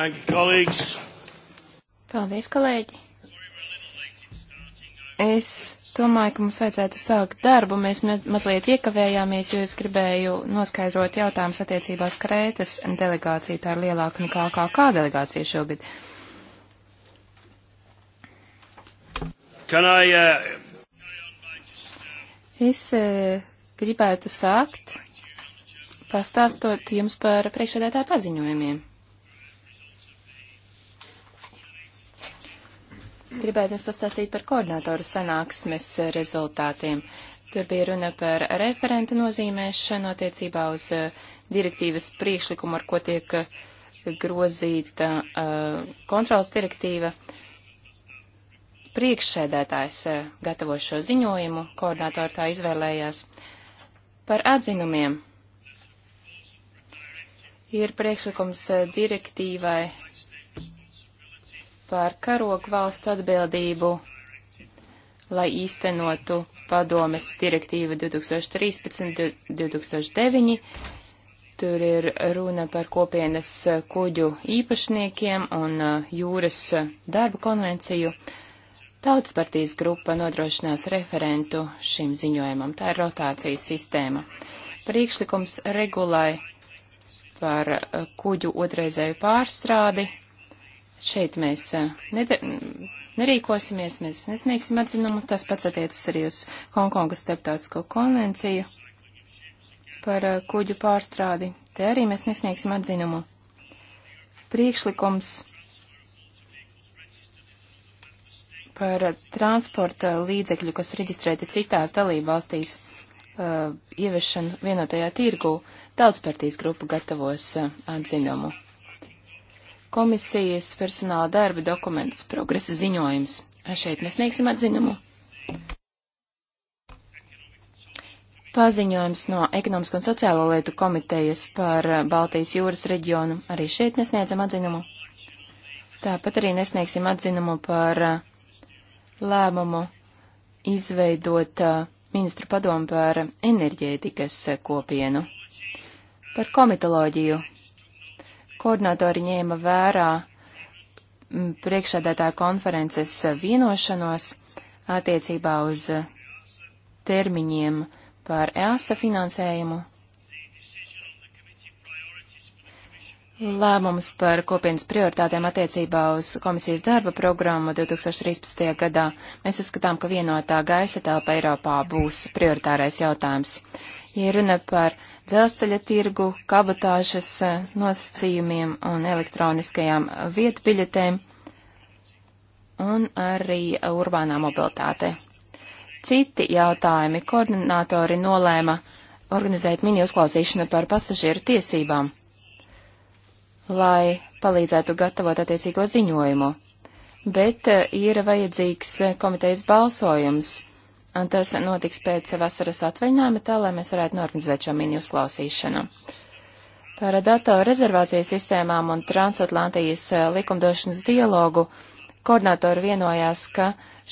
Thank you, colleagues. Paldies, kolēģi. Es domāju, ka mums vajadzētu sākt darbu. Mēs mazliet iekavējāmies, jo es gribēju noskaidrot jautājumus attiecībās Krētas delegācija. Tā ir lielāka nekā KK delegācija šogad. Can I, uh... Es uh, gribētu sākt pastāstot jums par priekšsēdētāju paziņojumiem. Gribētu jums pastāstīt par koordinātoru sanāksmes rezultātiem. Tur bija runa par referentu nozīmēšanu attiecībā uz eh, direktīvas priekšlikumu, ar ko tiek eh, grozīta uh, kontrolas direktīva. Priekšsēdētājs uh, gatavo šo ziņojumu, koordinātori tā izvēlējās. Par atzinumiem ir priekšlikums direktīvai par karogu valstu atbildību, lai īstenotu padomes direktīva 2013-2009. Tur ir runa par kopienas kuģu īpašniekiem un jūras darba konvenciju. Tautas partijas grupa nodrošinās referentu šim ziņojumam. Tā ir rotācijas sistēma. Priekšlikums regulai par kuģu otrreizēju pārstrādi Šeit mēs eh, nerīkosimies, mēs nesniegsim atzinumu. Tas pats attiecas arī uz Hongkongas starptautisko konvenciju par eh, kuģu pārstrādi. Te arī mēs nesniegsim atzinumu. Priekšlikums par transporta līdzekļu, kas reģistrēti citās dalībvalstīs, uh, eh, ieviešanu vienotajā tirgu, daudzpartijas grupa gatavos uh, atzinumu komisijas personāla darba dokuments, progresa ziņojums. Šeit mēs sniegsim atzinumu. Paziņojums no Ekonomisko un sociālo lietu komitejas par Baltijas jūras reģionu. Arī šeit nesniedzam atzinumu. Tāpat arī nesniegsim atzinumu par uh, lēmumu izveidot uh, ministru padomu par enerģētikas uh, kopienu. Par komitoloģiju Koordinatori ņēma vērā mm, priekšādētā konferences vienošanos attiecībā uz termiņiem par EASA finansējumu. Lēmums par kopienas prioritātēm attiecībā uz komisijas darba programmu 2013. gadā mēs uzskatām, ka vienotā gaisa telpa Eiropā būs prioritārais jautājums. Ja runa par dzelzceļa tirgu, kabatāžas e, nosacījumiem un elektroniskajām vietbiļetēm un arī urbānā mobilitāte. Citi jautājumi koordinātori nolēma organizēt mini uzklausīšanu par pasažieru tiesībām, lai palīdzētu gatavot attiecīgo ziņojumu, bet e, ir vajadzīgs e, komitejas balsojums Un tas notiks pēc vasaras atvaļinājuma, tā lai mēs varētu norganizēt šo mini uzklausīšanu. Par datoru rezervācijas sistēmām un transatlantijas eh, likumdošanas dialogu koordinātori vienojās, ka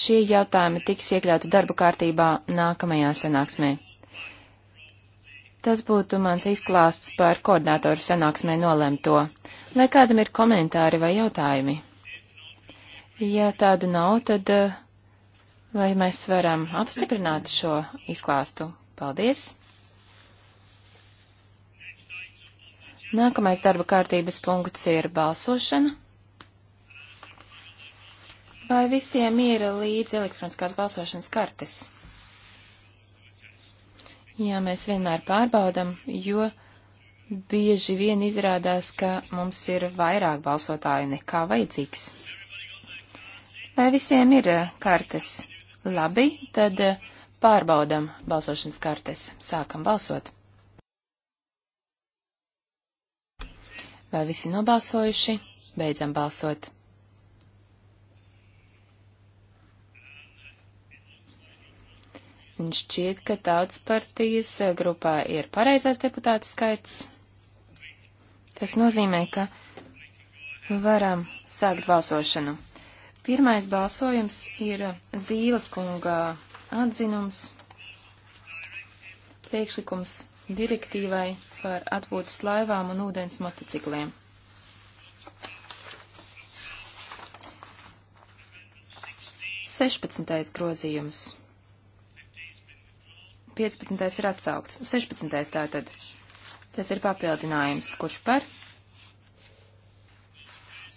šie jautājumi tiks iekļauti darba kārtībā nākamajā sanāksmē. Tas būtu mans izklāsts par koordinātoru sanāksmē nolemto. Vai kādam ir komentāri vai jautājumi? Ja tādu nav, tad eh, Vai mēs varam apstiprināt šo izklāstu? Paldies! Nākamais darba kārtības punkts ir balsošana. Vai visiem ir līdz elektroniskās balsošanas kartes? Jā, mēs vienmēr pārbaudam, jo bieži vien izrādās, ka mums ir vairāk balsotāju nekā vajadzīgs. Vai visiem ir eh, kartes? Labi, tad eh, pārbaudam balsošanas kartes. Sākam balsot. Vai visi nobalsojuši? Beidzam balsot. Un šķiet, ka tautas partijas grupā ir pareizais deputātu skaits. Tas nozīmē, ka varam sākt balsošanu. Pirmais balsojums ir Zīles kunga atzinums, priekšlikums direktīvai par atpūtas laivām un ūdens motocikliem. Sešpadsmitais grozījums. 15. ir atsaukts. 16. tātad. Tas ir papildinājums. Kurš par?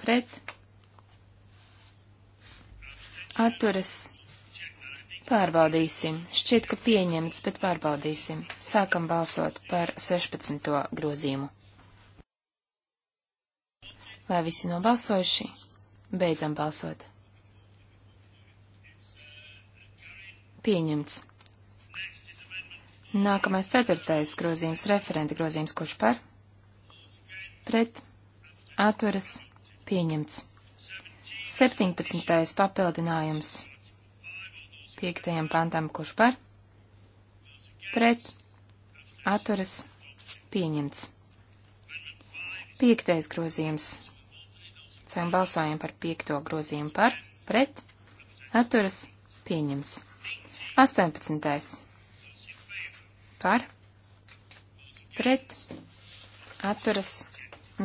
Pret atturas. Pārbaudīsim. Šķiet, ka pieņemts, bet pārbaudīsim. Sākam balsot par 16. grozījumu. Vai visi nobalsojuši? Beidzam balsot. Pieņemts. Nākamais ceturtais grozījums referenta grozījums, kurš par? Pret. Atveras. Pieņemts. 17. papildinājums 5. pantam, kurš par, pret, atturas, pieņemts. 5. grozījums. Cēm balsojam par 5. grozījumu par, pret, atturas, pieņemts. 18. par, pret, atturas,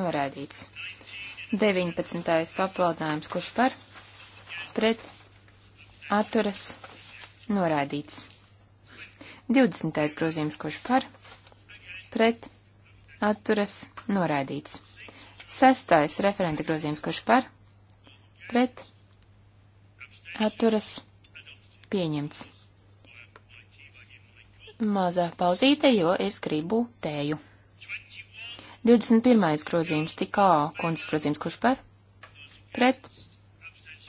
norādīts. 19. papildinājums, kurš par pret atturas noraidīts. 20. grozījums, kurš par pret atturas noraidīts. 6. referenta grozījums, kurš par pret atturas pieņemts. Mazā pauzīte, jo es gribu tēju. 21. grozījums, tikā kundzes grozījums, kurš par? Pret.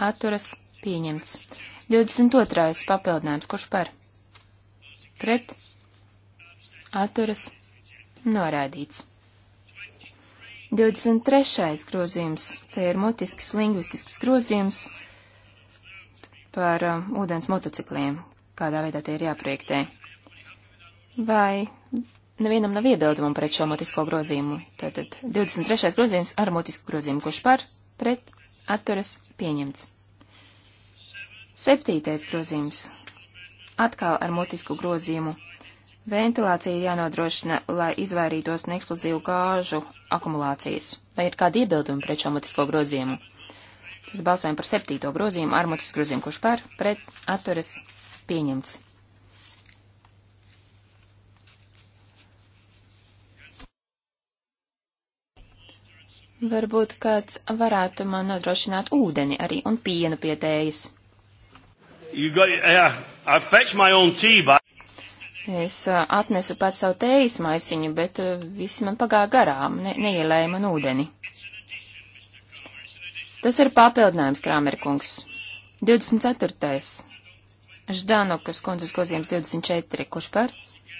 Atturas. Pieņemts. 22. papildinājums, kurš par? Pret. Atturas. Norādīts. 23. grozījums. Te ir mutisks, lingvistisks grozījums par uh, ūdens motocikliem, kādā veidā tie ir jāprojektē. Vai nevienam nav iebildumu pret šo mutisko grozījumu. Tātad 23. grozījums ar mutisku grozījumu, kurš par, pret, atturas, pieņemts. 7. grozījums. Atkal ar mutisku grozījumu. Ventilācija ir jānodrošina, lai izvairītos no eksplozīvu gāžu akumulācijas. Vai ir kādi iebildumi pret šo mutisko grozījumu? Tad balsojam par septīto grozījumu, ar mutisku grozījumu, kurš par, pret, atturas, pieņemts. Varbūt kāds varētu man nodrošināt ūdeni arī un pienu pie tējas. Got, yeah, tea, but... Es uh, atnesu pats savu tējas maisiņu, bet uh, visi man pagāja garām, ne, neielēja man ūdeni. Tas ir papildinājums, Krāmerkungs. 24. Ždanukas kundzes grozījums 24. Kurš par?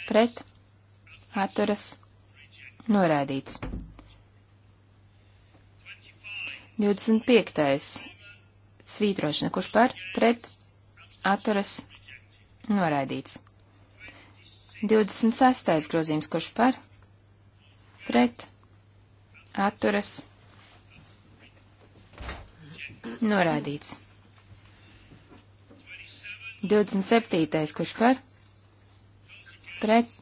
Pret? Atturas? Norādīts. 25. Svītrošana, kurš par pret atturas noraidīts. 26. grozījums, kurš par pret atturas noraidīts. 27. kurš par pret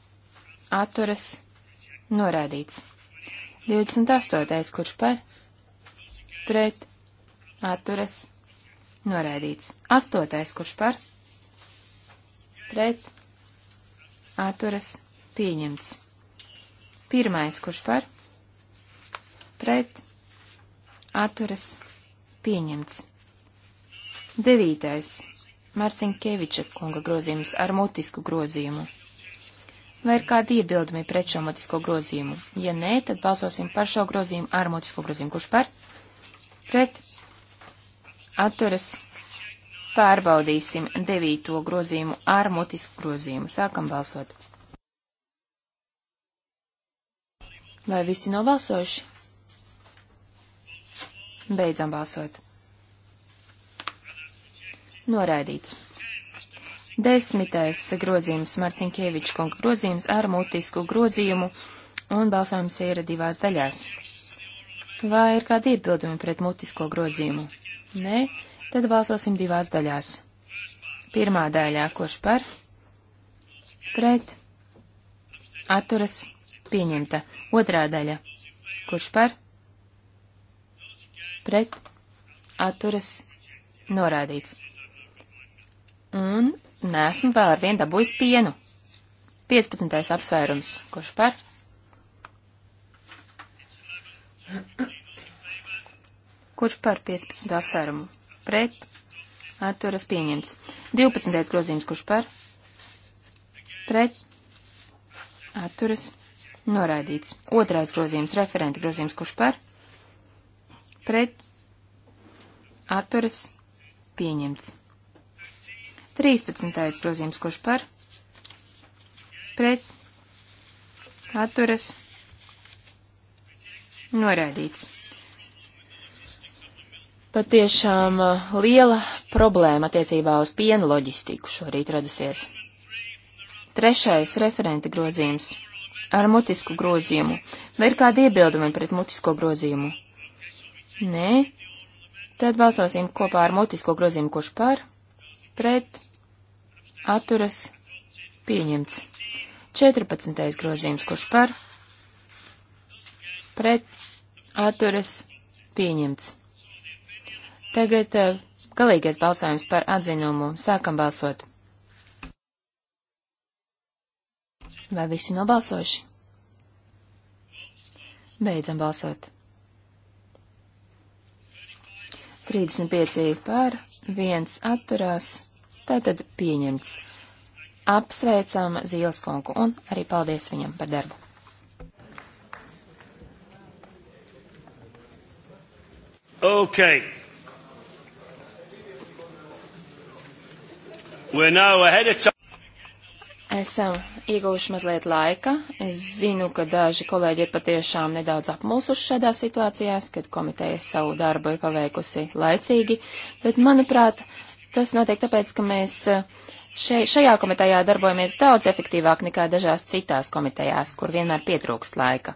atturas noraidīts. 28. kurš par pret atturas noraidīts. Astotais, kurš par pret atturas pieņemts. Pirmais, kurš par pret atturas pieņemts. Devītais. Marcinkeviča kunga grozījums ar mutisku grozījumu. Vai ir kādi iebildumi pret šo mutisko grozījumu? Ja nē, tad balsosim par šo grozījumu ar mutisko grozījumu. Kurš par? pret atturas pārbaudīsim devīto grozījumu ar mutisku grozījumu. Sākam balsot. Vai visi nobalsojuši? Beidzam balsot. Noraidīts. Desmitais grozījums Marcinkieviča kunga grozījums ar mutisku grozījumu un balsojums ir divās daļās. Vai ir kādi iebildumi pret mutisko grozījumu? Nē, tad balsosim divās daļās. Pirmā daļā, kurš par, pret, atturas, pieņemta. Otrā daļa, kurš par, pret, atturas, norādīts. Un nesmu vēl ar vienu dabūjis pienu. 15. apsvērums, kurš par, Kurš par 15. apsvērumu? Pret. Atturas pieņemts. 12. grozījums. Kurš par? Pret. Atturas. Noraidīts. Otrais grozījums. Referenta grozījums. Kurš par? Pret. Atturas. Pieņemts. 13. grozījums. Kurš par? Pret. Atturas. Noraidīts patiešām eh, liela problēma attiecībā uz piena loģistiku šorīt radusies. Trešais referenta grozījums ar mutisku grozījumu. Vai ir kādi iebildumi pret mutisko grozījumu? Nē. Tad balsosim kopā ar mutisko grozījumu, kurš par, pret, atturas, pieņemts. 14. grozījums, kurš par, pret, atturas, pieņemts. Tagad eh, galīgais balsojums par atzinumu. Sākam balsot. Vai visi nobalsojuši? Beidzam balsot. 35 par, 1 atturās, tātad pieņemts. Apsveicam Zīles kungu un arī paldies viņam par darbu. Okay. Esam ieguvuši mazliet laika. Es zinu, ka daži kolēģi ir patiešām nedaudz apmulsuši šādā situācijās, kad komiteja savu darbu ir paveikusi laicīgi, bet, manuprāt, tas notiek tāpēc, ka mēs eh, še, šajā komitejā darbojamies daudz efektīvāk nekā dažās citās komitejās, kur vienmēr pietrūkst laika.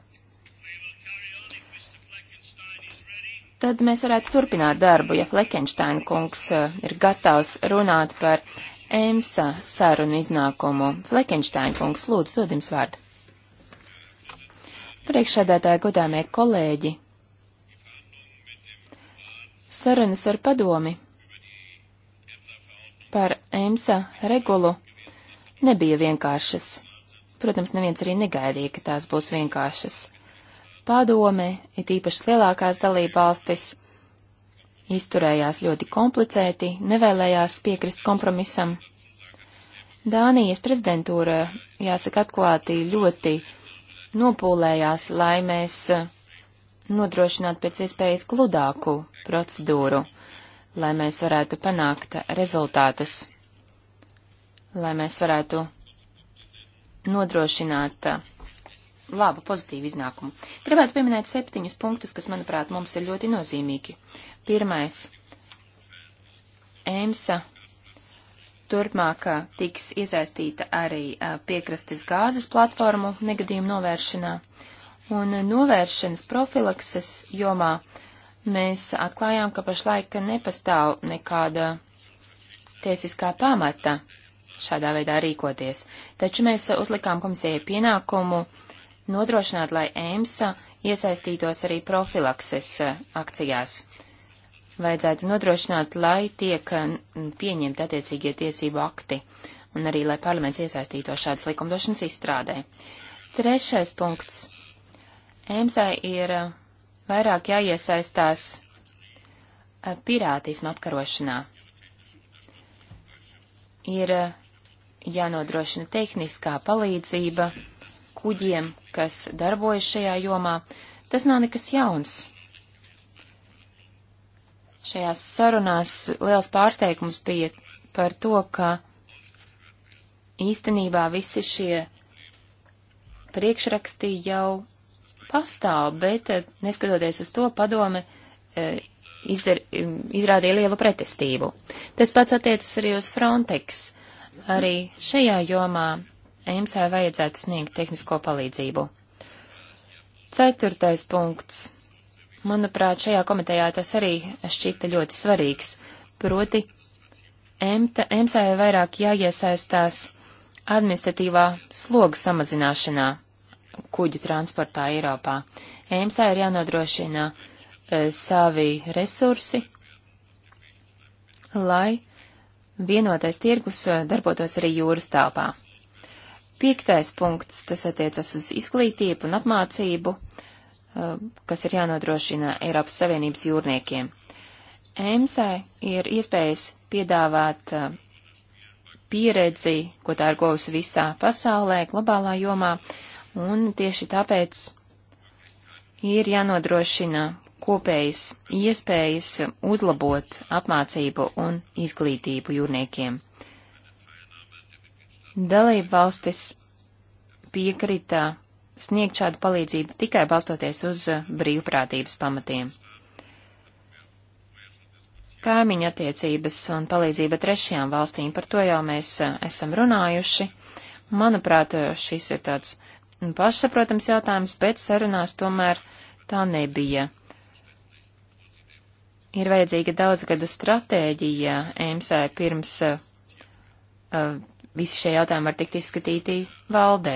Tad mēs varētu turpināt darbu, ja Fleckensteina kungs eh, ir gatavs runāt par EMSA sarunu iznākumu. Flekenštāņa kungs, lūdzu, dod jums vārdu. Priekšsēdētāji, godāmie kolēģi, sarunas ar padomi par EMSA regulu nebija vienkāršas. Protams, neviens arī negaidīja, ka tās būs vienkāršas. Padome, it īpaši lielākās dalībvalstis, izturējās ļoti komplicēti, nevēlējās piekrist kompromisam. Dānijas prezidentūra, jāsaka atklāti, ļoti nopūlējās, lai mēs eh, nodrošinātu pēc iespējas gludāku procedūru, lai mēs varētu panākt rezultātus, lai mēs varētu nodrošināt eh, labu, pozitīvu iznākumu. Gribētu pieminēt septiņus punktus, kas, manuprāt, mums ir ļoti nozīmīgi. Pirmais. EMSA turpmāk tiks iesaistīta arī piekrastes gāzes platformu negadījumu novēršanā. Un novēršanas profilakses jomā mēs atklājām, ka pašlaik nepastāv nekāda tiesiskā pamata šādā veidā rīkoties, taču mēs uzlikām komisijai pienākumu uh, nodrošināt, lai EMSA iesaistītos arī profilakses eh, akcijās. Vajadzētu nodrošināt, lai tiek pieņemti attiecīgie tiesību akti un arī, lai parlaments iesaistītos šādas likumdošanas izstrādē. Trešais punkts. EMSA ir eh, vairāk jāiesaistās eh, pirātismu apkarošanā. Ir jānodrošina tehniskā palīdzība kuģiem, kas darbojas šajā jomā, tas nav nekas jauns. Šajās sarunās liels pārsteigums bija par to, ka īstenībā visi šie priekšrakstī jau pastāv, bet eh, neskatoties uz to padome eh, izdar, izrādīja lielu pretestību. Tas pats attiecas arī uz Frontex. Arī šajā jomā EMSA vajadzētu sniegt tehnisko palīdzību. Ceturtais punkts. Manuprāt, šajā komitejā tas arī šķita ļoti svarīgs, proti EMSA ir vairāk jāiesaistās administratīvā sloga samazināšanā kuģu transportā Eiropā. EMSA ir jānodrošina e, savi resursi, lai vienotais tirgus e, darbotos arī jūras telpā. Piektais punkts, tas attiecas uz izglītību un apmācību, uh, kas ir jānodrošina Eiropas Savienības jūrniekiem. EMSA ir iespējas piedāvāt uh, pieredzi, ko tā ir guvusi visā pasaulē, globālā jomā, un tieši tāpēc ir jānodrošina kopējas iespējas uzlabot apmācību un izglītību jūrniekiem. Dalība valstis piekrita sniegt šādu palīdzību tikai balstoties uz eh, brīvprātības pamatiem. Kaimiņa attiecības un palīdzība trešajām valstīm, par to jau mēs eh, esam runājuši. Manuprāt, eh, šis ir tāds pašsaprotams jautājums, bet sarunās tomēr tā nebija. Ir vajadzīga daudzgada stratēģija EMSA pirms uh, visi šie jautājumi var tikt izskatīti valdē.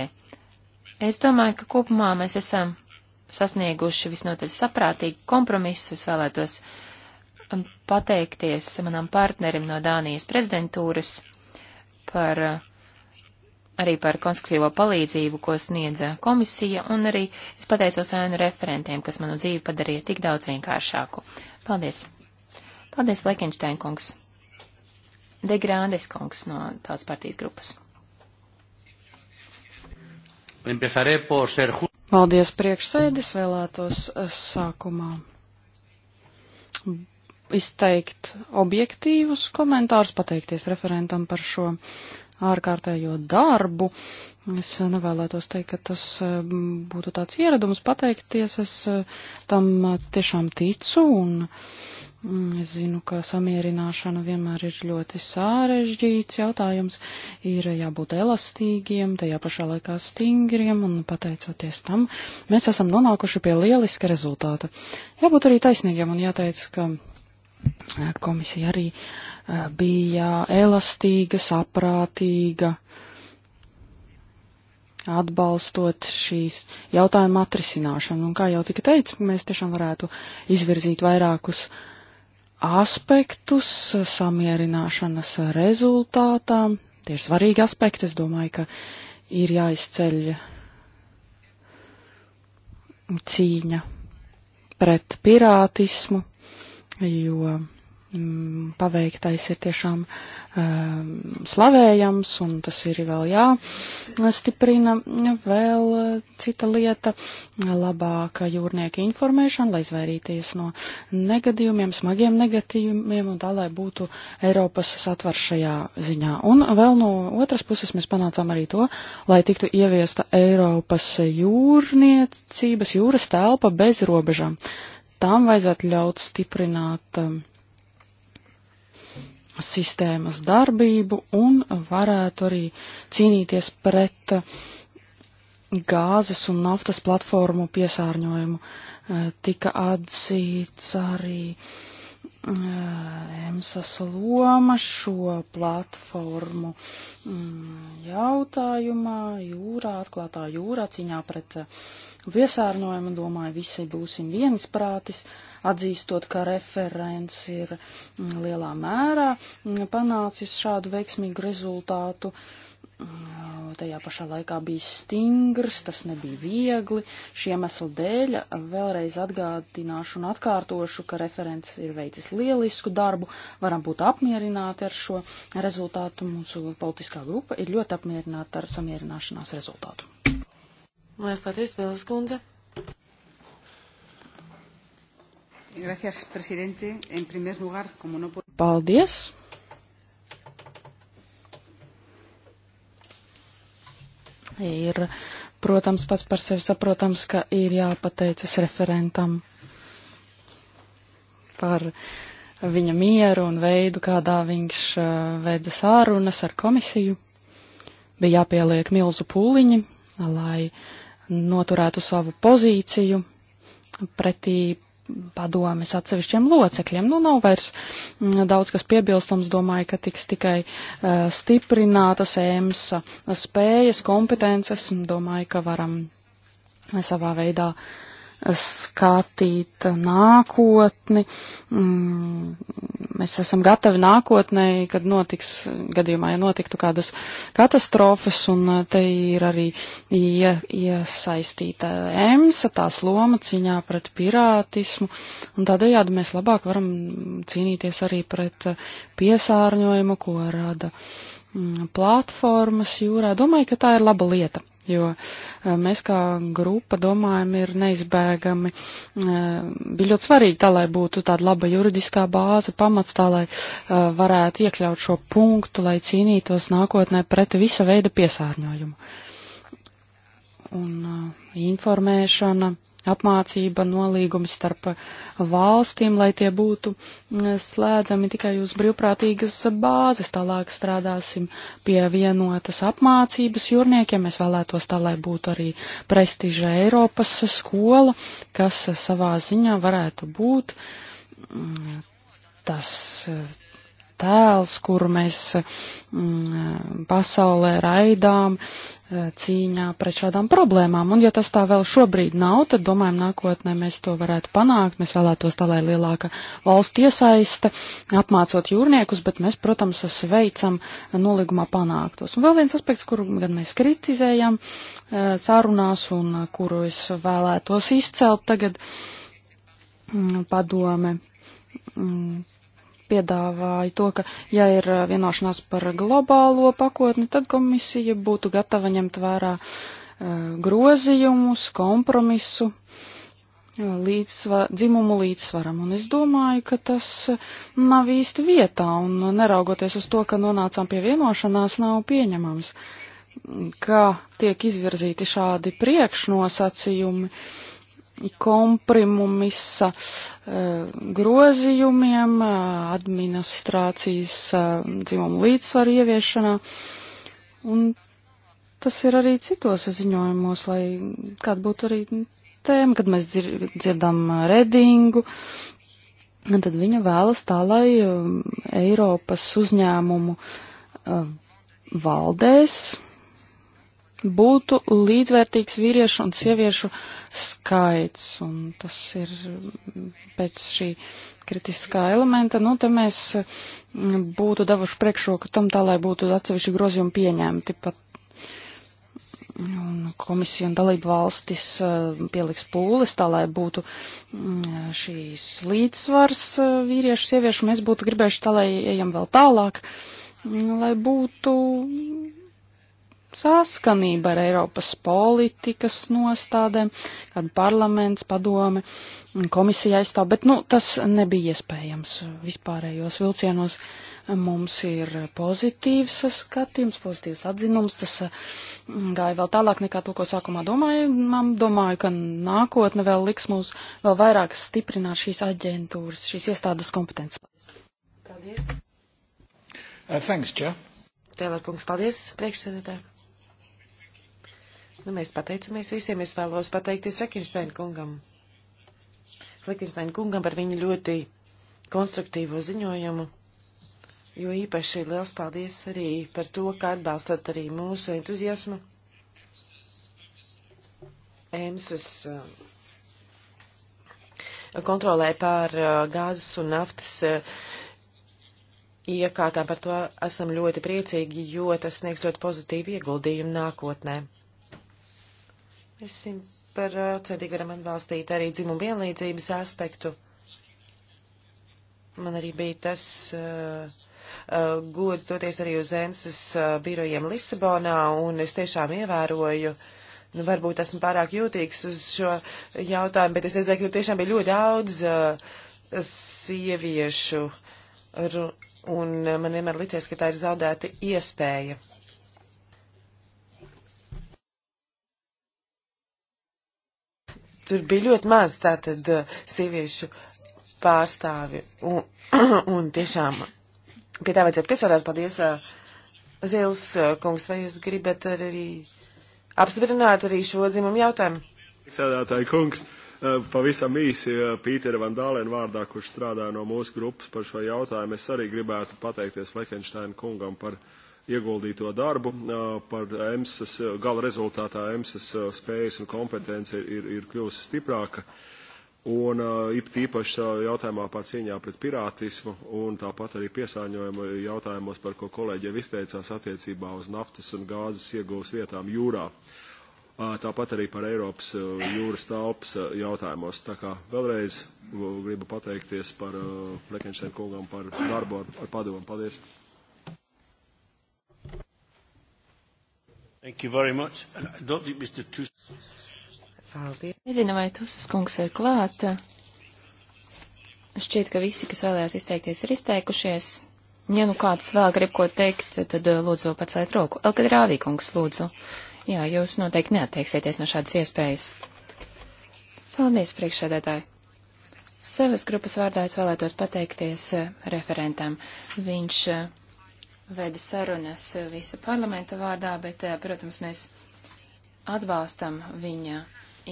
Es domāju, ka kopumā mēs esam sasnieguši visnotaļ saprātīgu kompromisu. Es vēlētos um, pateikties manam partnerim no Dānijas prezidentūras par uh, arī par konstruktīvo palīdzību, ko sniedza komisija, un arī es pateicos ēnu referentiem, kas manu dzīvi padarīja tik daudz vienkāršāku. Paldies! Paldies, Lekenšteinkungs! De Grandes kungs no tās partijas grupas. Paldies priekšsēdis vēlētos eh, sākumā izteikt objektīvus komentārus, pateikties referentam par šo ārkārtējo darbu. Es eh, nevēlētos teikt, ka tas eh, būtu tāds ieradums pateikties. Es tam tiešām ticu un Mm, es zinu, ka samierināšana vienmēr ir ļoti sārežģīts jautājums, ir jābūt elastīgiem, tajā pašā laikā stingriem, un pateicoties tam, mēs esam nonākuši pie lieliska rezultāta. Jābūt arī taisnīgiem, un jāteic, ka eh, komisija arī eh, bija elastīga, saprātīga, atbalstot šīs jautājuma atrisināšanu, un kā jau tika teicis, mēs tiešām varētu izvirzīt vairākus uh, aspektus samierināšanas rezultātā. Tie ir svarīgi aspekti. Es domāju, ka ir jāizceļ cīņa pret pirātismu, jo Mm, paveiktais ir tiešām um, slavējams, un tas ir vēl jāstiprina. Vēl eh, cita lieta - labāka jūrnieka informēšana, lai izvairīties no negadījumiem, smagiem negadījumiem, un tā, lai būtu Eiropas satvar šajā ziņā. Un vēl no otras puses mēs panācām arī to, lai tiktu ieviesta Eiropas jūrniecības jūras telpa bez robežām. Tām vajadzētu ļaut stiprināt um, sistēmas darbību un varētu arī cīnīties pret gāzes un naftas platformu piesārņojumu. E, tika atzīts arī e, EMSAS loma šo platformu mm, jautājumā jūrā, atklātā jūrā, cīņā pret e, piesārņojumu. Domāju, visi būsim viensprātis. prātis atzīstot, ka referents ir mm, lielā mērā mm, panācis šādu veiksmīgu rezultātu. Mm, tajā pašā laikā bija stingrs, tas nebija viegli. Šie mesli dēļ vēlreiz atgādināšu un atkārtošu, ka referents ir veicis lielisku darbu. Varam būt apmierināti ar šo rezultātu. Mūsu politiskā grupa ir ļoti apmierināta ar samierināšanās rezultātu. Lielas paldies, Bēlas kundze! Gracias, presidente. En primer lugar, como no puedo... Paldies. Ir, protams, pats par sevi saprotams, ka ir jāpateicas referentam par viņa mieru un veidu, kādā viņš eh, veda sārunas ar komisiju. Bija jāpieliek milzu pūliņi, lai noturētu savu pozīciju pretī padomes atsevišķiem locekļiem. Nu, nav vairs mm, daudz kas piebilstams, domāju, ka tiks tikai uh, stiprinātas EMSA eh, spējas, kompetences. Domāju, ka varam eh, savā veidā skatīt nākotni, mm, Mēs esam gatavi nākotnē, kad notiks, gadījumā, ja notiktu kādas katastrofas, un uh, te ir arī ie, iesaistīta EMSA, tās loma cīņā pret pirātismu, un tādējādi mēs labāk varam cīnīties arī pret uh, piesārņojumu, ko rada mm, platformas jūrā. Domāju, ka tā ir laba lieta jo eh, mēs kā grupa, domājam, ir neizbēgami. Eh, bija ļoti svarīgi tā, lai būtu tāda laba juridiskā bāze, pamats tā, lai eh, varētu iekļaut šo punktu, lai cīnītos nākotnē pret visa veida piesārņojumu. Un informēšana apmācība nolīgumi starp valstīm, lai tie būtu mm, slēdzami tikai uz brīvprātīgas bāzes. Tālāk strādāsim pie vienotas apmācības jūrniekiem. Mēs vēlētos tā, lai būtu arī prestiža Eiropas skola, kas savā ziņā varētu būt mm, tas tēls, kuru mēs mm, pasaulē raidām e, cīņā pret šādām problēmām. Un ja tas tā vēl šobrīd nav, tad domājam nākotnē mēs to varētu panākt. Mēs vēlētos tā, lai lielāka valsts iesaista, apmācot jūrniekus, bet mēs, protams, sveicam nolīgumā panāktos. Un vēl viens aspekts, kuru gan mēs kritizējam e, sarunās un kuru es vēlētos izcelt tagad mm, padome mm, piedāvāju to, ka, ja ir uh, vienošanās par globālo pakotni, tad komisija būtu gatava ņemt vērā uh, grozījumus, kompromisu, uh, līdzsva, dzimumu līdzsvaram. Un es domāju, ka tas nav īsti vietā, un neraugoties uz to, ka nonācām pie vienošanās, nav pieņemams, ka tiek izvirzīti šādi priekšnosacījumi. Uh, komprimumisa eh, grozījumiem, eh, administrācijas eh, dzimumu līdzsvaru ieviešanā. Un tas ir arī citos ziņojumos, lai kāda būtu arī tēma, kad mēs dzir dzirdam redingu. Tad viņa vēlas tā, lai Eiropas uzņēmumu valdēs būtu līdzvērtīgs vīriešu un sieviešu uh, skaits, un tas ir pēc šī kritiskā elementa, nu, te mēs mm, būtu devuši priekšroku tam tā, lai būtu atsevišķi grozījumi pieņemti pat. Un komisija un dalība valstis eh, pieliks pūles tā, lai būtu mm, šīs līdzsvars eh, vīriešu, sieviešu. Mēs būtu gribējuši tā, lai ejam vēl tālāk, mm, lai būtu saskanība ar Eiropas politikas nostādēm, kad parlaments, padome, komisija aizstāv, bet nu, tas nebija iespējams vispārējos vilcienos. Mums ir pozitīvs skatījums, pozitīvs atzinums, tas eh, gāja vēl tālāk nekā to, ko sākumā domāju. Domāju, ka nākotne vēl liks mums vēl vairāk stiprināt šīs aģentūras, šīs iestādes kompetences. Paldies! Uh, thanks, Ča. Tēlērkungs, paldies, priekšsēdētāji. Nu, mēs pateicamies visiem. Es vēlos pateikties Rekinsteina kungam. Rekinsteina kungam par viņu ļoti konstruktīvo ziņojumu. Jo īpaši liels paldies arī par to, ka atbalstat arī mūsu entuziasmu. EMSAS uh, kontrolē pār uh, gāzes un naftas uh, iekārtām. Par to esam ļoti priecīgi, jo tas sniegs ļoti pozitīvu ieguldījumu nākotnē. Es simtprocentīgi eh, varam atbalstīt arī dzimumu vienlīdzības aspektu. Man arī bija tas uh, uh, gods doties arī uz EMSAS uh, birojiem Lisabonā, un es tiešām ievēroju uh, nu, varbūt esmu pārāk jūtīgs uz šo jautājumu, bet es redzēju, ka tur tiešām bija ļoti daudz uh, sieviešu, ar, un man vienmēr licies, ka tā ir zaudēta iespēja. tur bija ļoti maz tātad eh, sieviešu pārstāvi. Un, un tiešām pie tā vajadzētu piesārāt. Paldies, eh, Zils eh, kungs, vai jūs gribat arī apstiprināt arī šo dzimumu jautājumu? Sēdētāji kungs, pavisam īsi Pītera Van Dālēna vārdā, kurš strādā no mūsu grupas par šo jautājumu, es arī gribētu pateikties Lekenšteina kungam par ieguldīto darbu par EMSAS, gala rezultātā EMSAS spējas un kompetence ir, ir kļuvusi stiprāka. Un īpaši jautājumā par cīņā pret pirātismu un tāpat arī piesāņojumu jautājumos, par ko kolēģi jau izteicās attiecībā uz naftas un gāzes ieguvas vietām jūrā. Tāpat arī par Eiropas jūras telpas jautājumos. Tā kā vēlreiz gribu pateikties par Flekenšēnu kungam par darbu ar, ar padomu. Paldies! Thank you very much. And I don't think Mr. Tus... Paldies. Nezinu, vai Tusas kungs ir klāta. Šķiet, ka visi, kas vēlējās izteikties, ir izteikušies. Ja nu kāds vēl grib ko teikt, tad eh, lūdzu paceliet roku. Elka Drāvī kungs, lūdzu. Jā, jūs noteikti neatteiksieties no šādas iespējas. Paldies, priekšsēdētāji. Savas grupas vārdā es vēlētos pateikties eh, referentam. Viņš uh, veda sarunas visa parlamenta vārdā, bet, eh, protams, mēs atbalstam viņa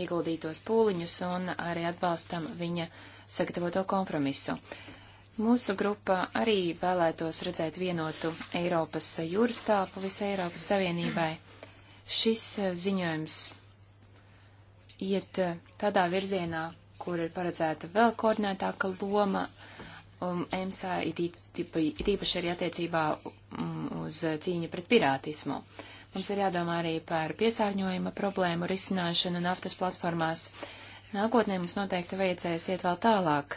ieguldītos pūliņus un arī atbalstam viņa sagatavoto kompromisu. Mūsu grupa arī vēlētos redzēt vienotu Eiropas jūras tāpu visai Eiropas Savienībai. Šis eh, ziņojums iet eh, tādā virzienā, kur ir paredzēta vēl koordinētāka loma um, EMSA it īpaši arī attiecībā um, uz cīņu pret pirātismu. Mums ir jādomā arī par piesārņojuma problēmu risināšanu naftas platformās. Nākotnē mums noteikti vajadzēs iet vēl tālāk.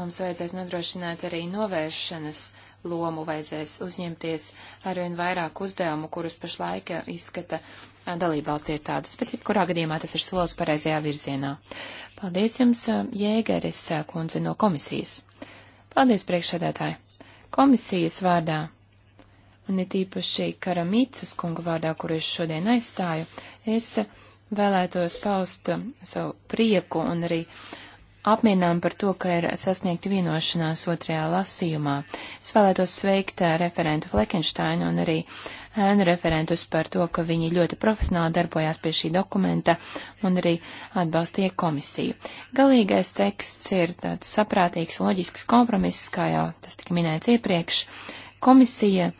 Mums vajadzēs nodrošināt arī novēršanas lomu, vajadzēs uzņemties arvien vairāk uzdevumu, kurus pašlaik izskata dalībvalstu iestādes, bet jebkurā gadījumā tas ir solis pareizajā virzienā. Paldies jums, Jēgeris kundze no komisijas. Paldies, priekšsēdētāji! Komisijas vārdā, un it īpaši Karamīcas kunga vārdā, kuru es šodien aizstāju, es vēlētos paust savu prieku un arī apmienām par to, ka ir sasniegta vienošanās otrajā lasījumā. Es vēlētos sveikt referentu Flekenštainu un arī uh, ēnu referentus par to, ka viņi ļoti profesionāli darbojās pie šī dokumenta un arī atbalstīja komisiju. Galīgais teksts ir tāds saprātīgs, loģisks kompromiss, kā jau tas tika minēts iepriekš. Komisija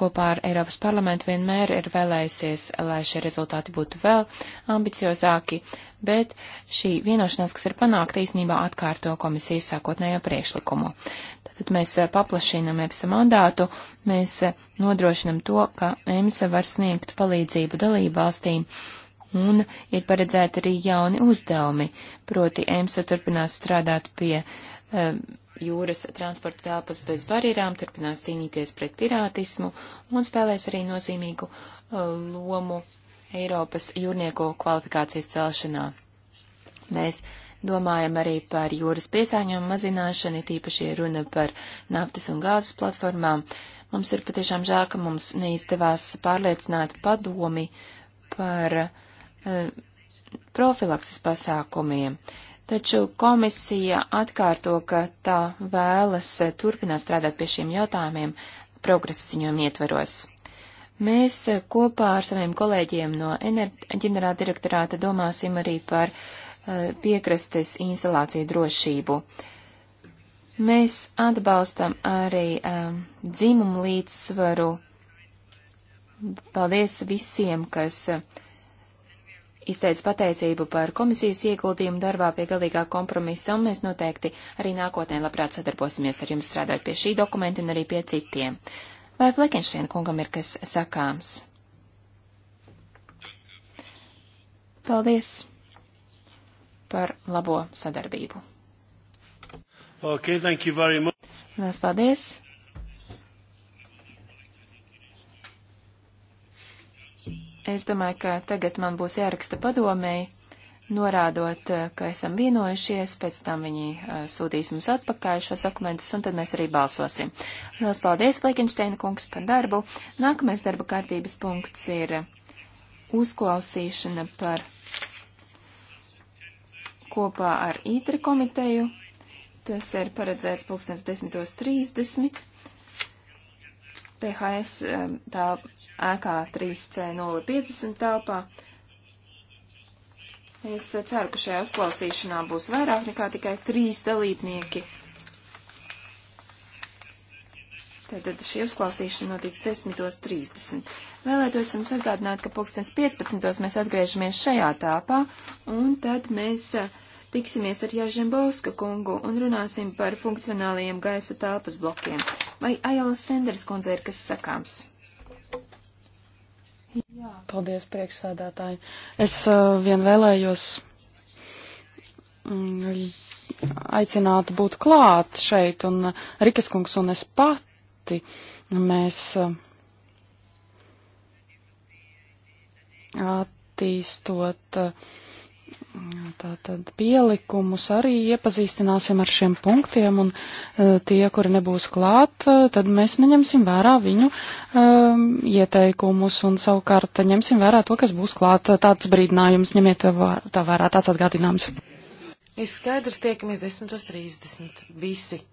kopā ar Eiropas parlamentu vienmēr ir vēlējusies, lai šie rezultāti būtu vēl ambiciozāki, bet šī vienošanās, kas ir panākta, īsnībā atkārto komisijas sākotnējo priekšlikumu. Tad mēs eh, paplašinām EPSA mandātu, mēs eh, nodrošinam to, ka EMSA var sniegt palīdzību dalību valstīm, un ir paredzēti arī jauni uzdevumi, proti EMSA turpinās strādāt pie eh, jūras transporta telpas bez barjerām, turpinās cīnīties pret pirātismu un spēlēs arī nozīmīgu lomu Eiropas jūrnieku kvalifikācijas celšanā. Mēs Domājam arī par jūras piesāņojumu mazināšanu, tīpaši runa par naftas un gāzes platformām. Mums ir patiešām žēl, ka mums neizdevās pārliecināt padomi par uh, profilakses pasākumiem. Taču komisija atkārto, ka tā vēlas eh, turpināt strādāt pie šiem jautājumiem progresa ziņojuma ietveros. Mēs eh, kopā ar saviem kolēģiem no ģenerāldirektorāta domāsim arī par piekrastes instalāciju drošību. Mēs atbalstam arī um, dzimumu līdzsvaru. Paldies visiem, kas uh, izteica pateicību par komisijas ieguldījumu darbā pie galīgā kompromisa, un mēs noteikti arī nākotnē labprāt sadarbosimies ar jums strādājot pie šī dokumenta un arī pie citiem. Vai Flekenšēna kungam ir kas sakāms? Paldies! par labo sadarbību. Okay, thank you very much. Lielas paldies! Es domāju, ka tagad man būs jāraksta padomēji, norādot, eh, ka esam vienojušies, pēc tam viņi uh, sūtīs mums atpakaļ šos dokumentus, un tad mēs arī balsosim. Lielas paldies, Plekinšteina kungs, par darbu. Nākamais darba kārtības punkts ir uzklausīšana par kopā ar ITRI komiteju. Tas ir paredzēts 10.30. PHS um, tā ēkā 3C050 telpā. Es ceru, ka šajā uzklausīšanā būs vairāk nekā tikai trīs dalībnieki. Tātad šī uzklausīšana notiks 10.30. Vēlētos jums atgādināt, ka pulkstens 15. mēs atgriežamies šajā tāpā, un tad mēs uh, tiksimies ar Jāžembauska kungu un runāsim par funkcionālajiem gaisa telpas blokiem. Vai Ajalas Senders kundze ir kas sakāms? Jā. Paldies, priekšsādātāji. Es uh, vien vēlējos mm, aicināt būt klāt šeit, un uh, Rikas kungs un es pati mēs uh, attīstot uh, Tātad pielikumus arī iepazīstināsim ar šiem punktiem, un e, tie, kuri nebūs klāt, e, tad mēs neņemsim vērā viņu um, ieteikumus, un savukārt ņemsim vērā to, kas būs klāt. Tāds brīdinājums ņemiet tā vērā, tāds atgādinājums. Ir skaidrs, tiekamies 10.30. Visi!